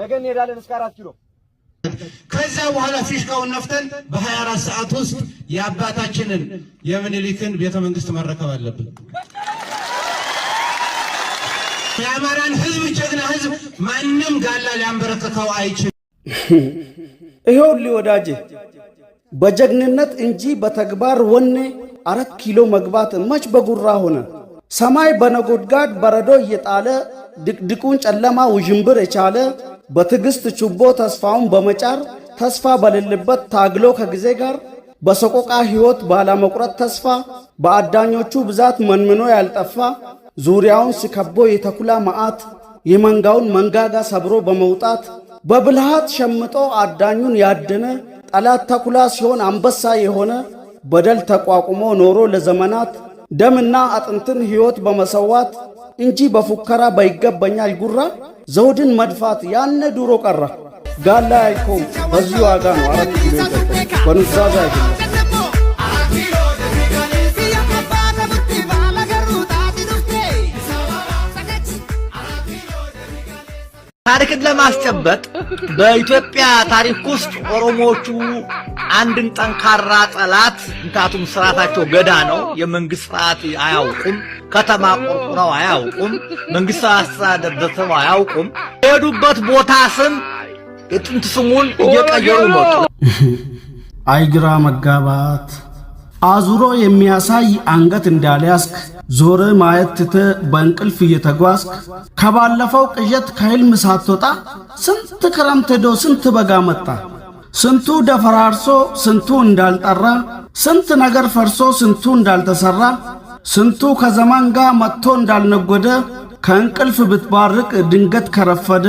ነገ እንሄዳለን እስከ አራት ኪሎ። ከዛ በኋላ ፊሽካውን ነፍተን በ24 ሰዓት ውስጥ የአባታችንን የምኒልክን ቤተ መንግስት መረከብ አለብን። የአማራን ህዝብ ጀግና ህዝብ ማንም ጋላ ሊያንበረክከው አይችልም። ይሄውል ወዳጄ በጀግንነት እንጂ በተግባር ወኔ አራት ኪሎ መግባት መች በጉራ ሆነ። ሰማይ በነጎድጋድ በረዶ እየጣለ ድቅድቁን ጨለማ ውዥንብር የቻለ በትዕግስት ችቦ ተስፋውን በመጫር ተስፋ በሌለበት ታግሎ ከጊዜ ጋር በሰቆቃ ሕይወት ባለመቁረጥ ተስፋ በአዳኞቹ ብዛት መንምኖ ያልጠፋ ዙሪያውን ሲከቦ የተኩላ መዓት የመንጋውን መንጋጋ ሰብሮ በመውጣት በብልሃት ሸምጦ አዳኙን ያደነ ጠላት ተኩላ ሲሆን አንበሳ የሆነ በደል ተቋቁሞ ኖሮ ለዘመናት ደምና አጥንትን ሕይወት በመሰዋት እንጂ በፉከራ በይገባኛል ጉራ ዘውድን መድፋት ያነ ዱሮ ቀራ። ጋላ አይኮም በዚህ ዋጋ ነው አራት ኪሎ በኑዛዜ ታሪክን ለማስጨበጥ በኢትዮጵያ ታሪክ ውስጥ ኦሮሞዎቹ አንድን ጠንካራ ጠላት ምክንያቱም ስርዓታቸው ገዳ ነው። የመንግስት ስርዓት አያውቁም። ከተማ ቆርቁረው አያውቁም። መንግስት አስተዳደር ደሰው አያውቁም። የሄዱበት ቦታ ስም የጥንት ስሙን እየቀየሩ መጡ። አይግራ መጋባት አዙሮ የሚያሳይ አንገት እንዳልያዝክ ዞረ ማየት ትተ በእንቅልፍ እየተጓዝክ ከባለፈው ቅዠት ከህልም ሳትወጣ ስንት ክረምት ሄዶ ስንት በጋ መጣ። ስንቱ ደፈራርሶ ስንቱ እንዳልጠራ፣ ስንት ነገር ፈርሶ ስንቱ እንዳልተሠራ፣ ስንቱ ከዘመን ጋር መጥቶ እንዳልነጐደ፣ ከእንቅልፍ ብትባርቅ ድንገት ከረፈደ፣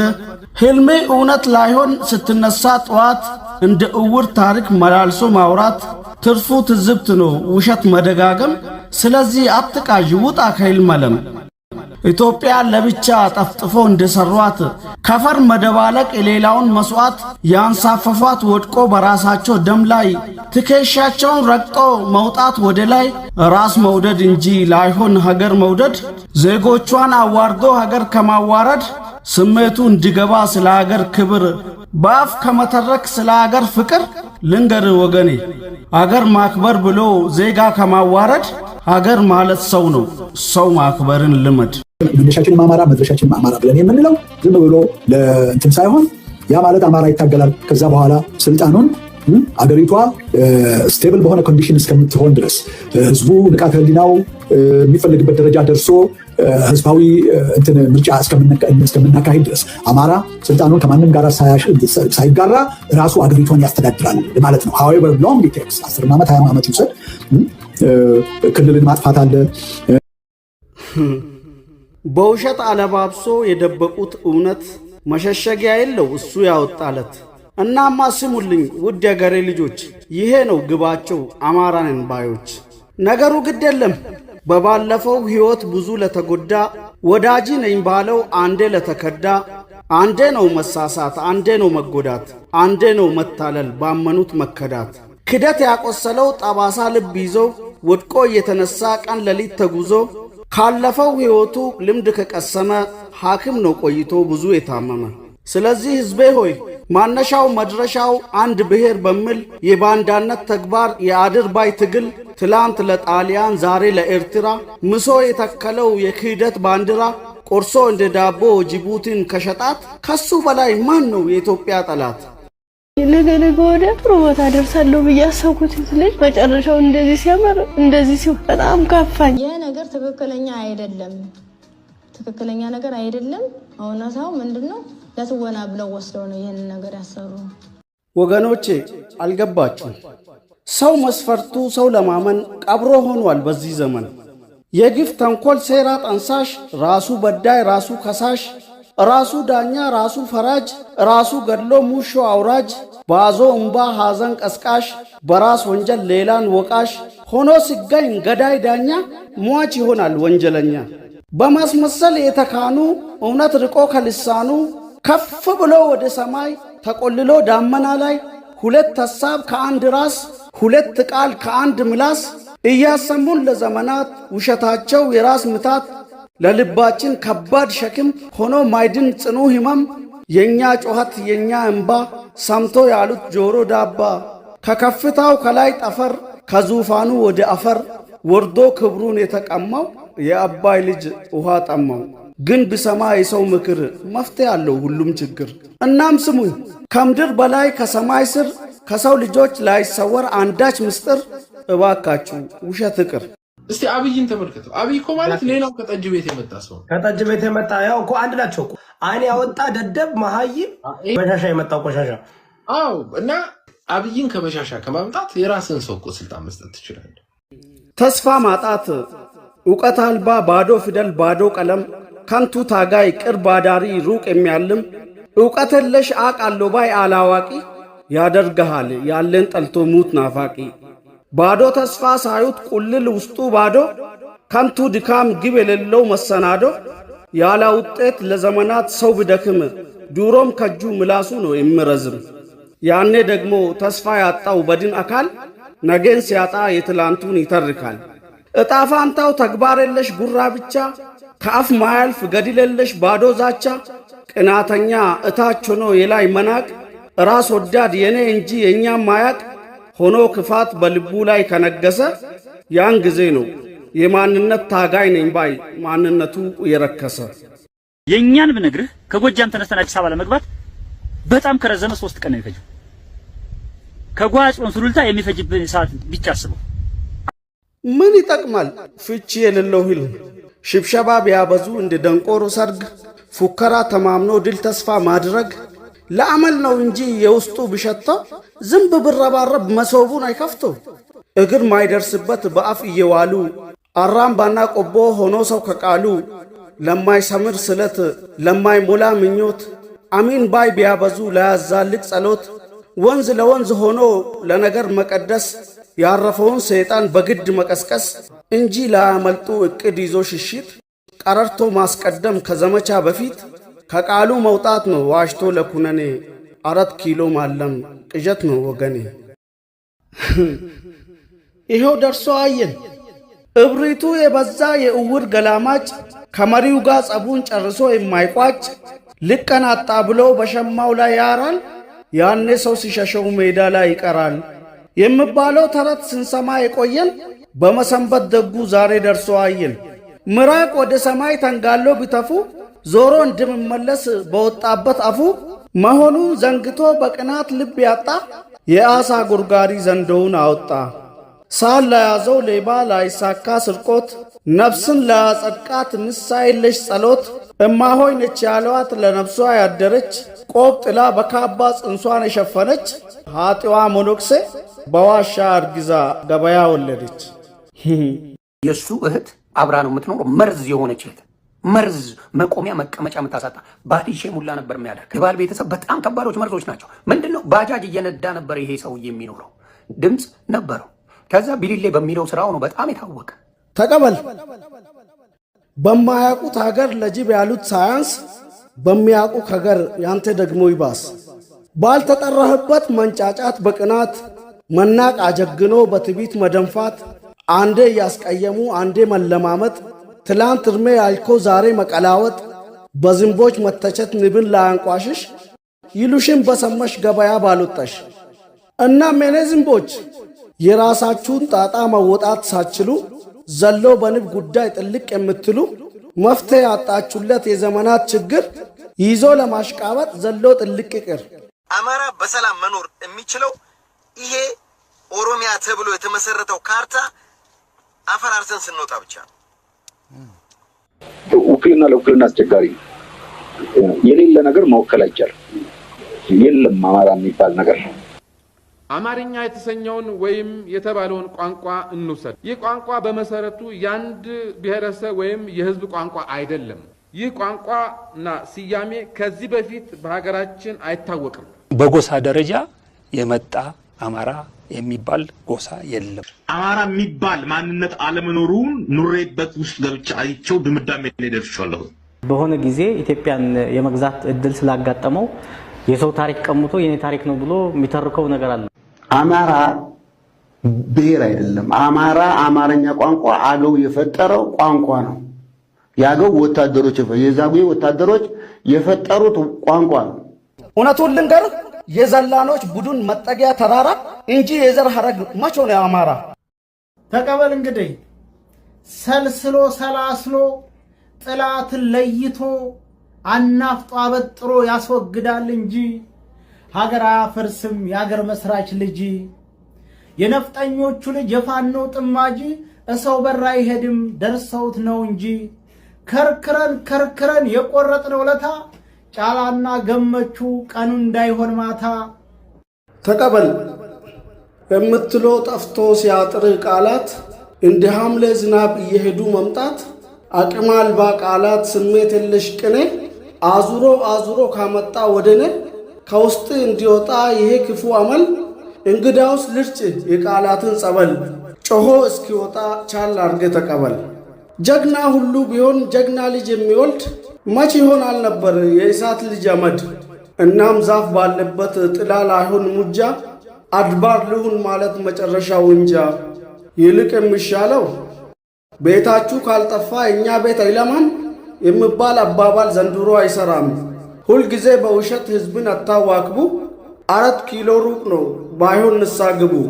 ሕልሜ እውነት ላይሆን ስትነሣ ጠዋት፣ እንደ እውር ታሪክ መላልሶ ማውራት ትርፉ ትዝብት ነው ውሸት መደጋገም። ስለዚህ አትቃዥ፣ ውጣ ከሕልም ዓለም። ኢትዮጵያ ለብቻ ጠፍጥፎ እንደሰሯት ከፈር መደባለቅ የሌላውን መስዋዕት ያንሳፈፏት ወድቆ በራሳቸው ደም ላይ ትከሻቸውን ረግጦ መውጣት ወደ ላይ ራስ መውደድ እንጂ ላይሆን ሀገር መውደድ ዜጎቿን አዋርዶ ሀገር ከማዋረድ ስሜቱ እንዲገባ ስለ ሀገር ክብር በአፍ ከመተረክ ስለ አገር ፍቅር ልንገር ወገኔ፣ አገር ማክበር ብሎ ዜጋ ከማዋረድ አገር ማለት ሰው ነው። ሰው ማክበርን ልመድ። መነሻችን አማራ መድረሻችንም አማራ ብለን የምንለው ዝም ብሎ ለእንትን ሳይሆን ያ ማለት አማራ ይታገላል። ከዛ በኋላ ስልጣኑን አገሪቷ ስቴብል በሆነ ኮንዲሽን እስከምትሆን ድረስ ህዝቡ ንቃተ ህሊናው የሚፈልግበት ደረጃ ደርሶ ህዝባዊ ምርጫ እስከምናካሄድ ድረስ አማራ ስልጣኑን ከማንም ጋር ሳይጋራ ራሱ አገሪቷን ያስተዳድራል ማለት ነው። ሀዌቨር ሎንግ ቴክስ አስር ዓመት ሀያ ዓመት ይውሰድ። ክልልን ማጥፋት አለ። በውሸት አለባብሶ የደበቁት እውነት መሸሸጊያ የለው እሱ ያወጣለት። እናማ ስሙልኝ ውድ የገሬ ልጆች፣ ይሄ ነው ግባቸው አማራንን ባዮች። ነገሩ ግድ የለም በባለፈው ሕይወት ብዙ ለተጎዳ ወዳጅ ነኝ ባለው አንዴ ለተከዳ አንዴ ነው መሳሳት፣ አንዴ ነው መጎዳት፣ አንዴ ነው መታለል፣ ባመኑት መከዳት። ክደት ያቆሰለው ጠባሳ ልብ ይዞ ወድቆ እየተነሳ ቀን ለሊት ተጉዞ ካለፈው ሕይወቱ ልምድ ከቀሰመ ሐኪም ነው ቆይቶ ብዙ የታመመ። ስለዚህ ሕዝቤ ሆይ ማነሻው መድረሻው አንድ ብሔር በሚል የባንዳነት ተግባር የአድርባይ ትግል ትላንት ለጣሊያን ዛሬ ለኤርትራ ምሶ የተከለው የክህደት ባንዲራ ቆርሶ እንደ ዳቦ ጅቡቲን ከሸጣት ከሱ በላይ ማን ነው የኢትዮጵያ ጠላት? ነገ ነገ ወደ ጥሩ ቦታ ደርሳለሁ ብዬ አሰብኩት ልጅ መጨረሻው እንደዚህ ሲያመር እንደዚህ ሲሆን በጣም ከፋኝ። ይህ ነገር ትክክለኛ አይደለም፣ ትክክለኛ ነገር አይደለም። እውነታው ምንድን ነው? ለትወና ብለው ወስደው ነው ይህንን ነገር ያሰሩ። ወገኖቼ አልገባችሁም? ሰው መስፈርቱ ሰው ለማመን ቀብሮ ሆኗል። በዚህ ዘመን የግፍ ተንኮል፣ ሴራ ጠንሳሽ፣ ራሱ በዳይ፣ ራሱ ከሳሽ፣ ራሱ ዳኛ፣ ራሱ ፈራጅ፣ ራሱ ገድሎ ሙሾ አውራጅ፣ ባዞ እምባ ሐዘን ቀስቃሽ፣ በራስ ወንጀል ሌላን ወቃሽ ሆኖ ሲገኝ ገዳይ ዳኛ ሟች ይሆናል ወንጀለኛ። በማስመሰል የተካኑ እውነት ርቆ ከልሳኑ ከፍ ብሎ ወደ ሰማይ ተቆልሎ ዳመና ላይ ሁለት ሐሳብ ከአንድ ራስ ሁለት ቃል ከአንድ ምላስ እያሰሙን ለዘመናት ውሸታቸው የራስ ምታት ለልባችን ከባድ ሸክም ሆኖ ማይድን ጽኑ ሕመም የእኛ ጮኸት የእኛ እምባ ሰምቶ ያሉት ጆሮ ዳባ ከከፍታው ከላይ ጠፈር ከዙፋኑ ወደ አፈር ወርዶ ክብሩን የተቀማው የአባይ ልጅ ውሃ ጠማው። ግን ብሰማ የሰው ምክር መፍትሄ አለው ሁሉም ችግር። እናም ስሙኝ ከምድር በላይ ከሰማይ ስር ከሰው ልጆች ላይ ሰወር አንዳች ምስጢር እባካችሁ ውሸት እቅር። እስቲ አብይን ተመልከተው። አብይ እኮ ማለት ሌላው ከጠጅ ቤት የመጣ ሰው ከጠጅ ቤት የመጣ ያው እኮ አንድ ናቸው እኮ አይን ያወጣ ደደብ መሀይም በሻሻ የመጣው ቆሻሻ። አዎ እና አብይን ከበሻሻ ከማምጣት የራስን ሰው እኮ ስልጣን መስጠት ትችላለህ። ተስፋ ማጣት፣ እውቀት አልባ፣ ባዶ ፊደል፣ ባዶ ቀለም ከንቱ ታጋይ፣ ቅርብ አዳሪ፣ ሩቅ የሚያልም ዕውቀት የለሽ አቃሎ ባይ አላዋቂ ያደርግሃል ያለን ጠልቶ ሙት ናፋቂ ባዶ ተስፋ ሳዩት ቁልል ውስጡ ባዶ ከንቱ ድካም ግብ የሌለው መሰናዶ ያለ ውጤት ለዘመናት ሰው ብደክም ዱሮም ከጁ ምላሱ ነው የሚረዝም። ያኔ ደግሞ ተስፋ ያጣው በድን አካል ነገን ሲያጣ የትላንቱን ይተርካል። እጣፋንታው ተግባር የለሽ ጉራ ብቻ ከአፍ ማያልፍ ገድለለሽ ባዶ ዛቻ፣ ቅናተኛ እታች ሆኖ የላይ መናቅ፣ ራስ ወዳድ የኔ እንጂ የእኛም ማያቅ ሆኖ ክፋት በልቡ ላይ ከነገሰ ያን ጊዜ ነው የማንነት ታጋይ ነኝ ባይ ማንነቱ የረከሰ። የእኛን ብነግርህ ከጎጃም ተነስተን አዲስ አበባ ለመግባት በጣም ከረዘመ ሶስት ቀን ነው የሚፈጅው። ከጓጮን ሱሉልታ የሚፈጅብን ሰዓት ብቻ አስበው። ምን ይጠቅማል ፍቺ የሌለው ህልም ሽብሸባ ቢያበዙ እንደ ደንቆሮ ሰርግ፣ ፉከራ ተማምኖ ድል ተስፋ ማድረግ ለአመል ነው እንጂ የውስጡ ብሸተው ዝንብ ብረባረብ መሶቡን አይከፍተው እግር ማይደርስበት በአፍ እየዋሉ አራምባና ቆቦ ሆኖ ሰው ከቃሉ ለማይሰምር ስለት ለማይሞላ ምኞት አሚን ባይ ቢያበዙ ለያዛልቅ ጸሎት ወንዝ ለወንዝ ሆኖ ለነገር መቀደስ ያረፈውን ሰይጣን በግድ መቀስቀስ እንጂ ላያመልጡ እቅድ ይዞ ሽሽት ቀረርቶ ማስቀደም ከዘመቻ በፊት ከቃሉ መውጣት ነው ዋሽቶ ለኩነኔ አራት ኪሎ ማለም ቅዠት ነው ወገኔ። ይኸው ደርሶ አየን እብሪቱ የበዛ የእውር ገላማጭ ከመሪው ጋር ጸቡን ጨርሶ የማይቋጭ ልቀናጣ ብሎ በሸማው ላይ ያራል። ያኔ ሰው ሲሸሸው ሜዳ ላይ ይቀራል የሚባለው ተረት ስንሰማ የቆየን በመሰንበት ደጉ ዛሬ ደርሶ አየን። ምራቅ ወደ ሰማይ ተንጋሎ ቢተፉ ዞሮ እንድምመለስ በወጣበት አፉ መሆኑን ዘንግቶ በቅናት ልብ ያጣ የአሳ ጉርጋሪ ዘንዶውን አወጣ። ሳል ለያዘው ሌባ ላይሳካ ስርቆት ነፍስን ላጸቃት ምሳይለሽ ጸሎት እማሆይ ነች ያለዋት ለነፍሷ ያደረች ቆብ ጥላ በካባ ጽንሷን የሸፈነች ሀጢዋ ሞኖክሴ በዋሻ አርግዛ ገበያ ወለደች። የእሱ እህት አብራ ነው የምትኖረው። መርዝ የሆነች እህት መርዝ መቆሚያ መቀመጫ የምታሳጣ ባልሼ ሙላ ነበር የሚያደርግ የባል ቤተሰብ በጣም ከባዶች መርዞች ናቸው። ምንድነው ባጃጅ እየነዳ ነበር ይሄ ሰው የሚኖረው። ድምፅ ነበረው። ከዛ ቢሊሌ በሚለው ስራው ነው በጣም የታወቀ። ተቀበል በማያውቁት ሀገር ለጅብ ያሉት ሳያንስ በሚያውቁ ከገር ያንተ ደግሞ ይባስ። ባልተጠራህበት መንጫጫት በቅናት መናቅ አጀግኖ በትቢት መደንፋት አንዴ እያስቀየሙ አንዴ መለማመጥ፣ ትላንት እድሜ ያልኮ ዛሬ መቀላወጥ፣ በዝንቦች መተቸት ንብን ላያንቋሽሽ ይሉሽን በሰመሽ ገበያ ባሉጠሽ። እናም የኔ ዝንቦች የራሳችሁን ጣጣ መወጣት ሳችሉ ዘሎ በንብ ጉዳይ ጥልቅ የምትሉ መፍትሄ ያጣችሁለት የዘመናት ችግር ይዞ ለማሽቃበጥ ዘሎ ጥልቅ ይቅር። አማራ በሰላም መኖር የሚችለው ይሄ ኦሮሚያ ተብሎ የተመሰረተው ካርታ አፈራርሰን ስንወጣ ብቻ ነው። ውክልና ለውክልና አስቸጋሪ ነው። የሌለ ነገር መወከል አይቻልም። የለም አማራ የሚባል ነገር አማርኛ የተሰኘውን ወይም የተባለውን ቋንቋ እንውሰድ። ይህ ቋንቋ በመሰረቱ የአንድ ብሔረሰብ ወይም የሕዝብ ቋንቋ አይደለም። ይህ ቋንቋ እና ስያሜ ከዚህ በፊት በሀገራችን አይታወቅም። በጎሳ ደረጃ የመጣ አማራ የሚባል ጎሳ የለም። አማራ የሚባል ማንነት አለመኖሩን ኑሬበት ውስጥ ገብቼ አይቼው ድምዳሜ ላይ ደርሻለሁ። በሆነ ጊዜ ኢትዮጵያን የመግዛት እድል ስላጋጠመው የሰው ታሪክ ቀምቶ የኔ ታሪክ ነው ብሎ የሚተርከው ነገር አለ። አማራ ብሔር አይደለም። አማራ አማርኛ ቋንቋ አገው የፈጠረው ቋንቋ ነው። የአገው ወታደሮች የዛጉ ወታደሮች የፈጠሩት ቋንቋ ነው። እውነቱን ልንገርህ የዘላኖች ቡድን መጠጊያ ተራራ እንጂ የዘር ሀረግ መቼ ነው አማራ? ተቀበል እንግዲህ ሰልስሎ ሰላስሎ ጥላትን ለይቶ አናፍጦ አበጥሮ ያስወግዳል እንጂ ሀገር አያፈርስም የሀገር መስራች ልጅ የነፍጠኞቹ ልጅ የፋኖ ጥማጂ እሰው በራ አይሄድም ደርሰውት ነው እንጂ ከርክረን ከርክረን የቆረጥነው ለታ ጫላና ገመቹ ቀኑ እንዳይሆን ማታ ተቀበል የምትሎ ጠፍቶ ሲያጥር ቃላት እንደ ሐምሌ ዝናብ እየሄዱ መምጣት አቅም አልባ ቃላት ስሜት የለሽ ቅኔ አዙሮ አዙሮ ካመጣ ወደኔ ከውስጥ እንዲወጣ ይሄ ክፉ አመል እንግዳውስ ልርጭ የቃላትን ጸበል ጮሆ እስኪወጣ ቻል አርገ ተቀበል ጀግና ሁሉ ቢሆን ጀግና ልጅ የሚወልድ መች ይሆናል ነበር የእሳት ልጅ አመድ። እናም ዛፍ ባለበት ጥላ ላይሆን ሙጃ፣ አድባር ልሁን ማለት መጨረሻው እንጃ። ይልቅ የሚሻለው ቤታችሁ ካልጠፋ እኛ ቤት አይለማም የሚባል አባባል ዘንድሮ አይሰራም። ሁልጊዜ በውሸት ሕዝብን አታዋክቡ። አራት ኪሎ ሩቅ ነው ባይሆን ንሳ ግቡ።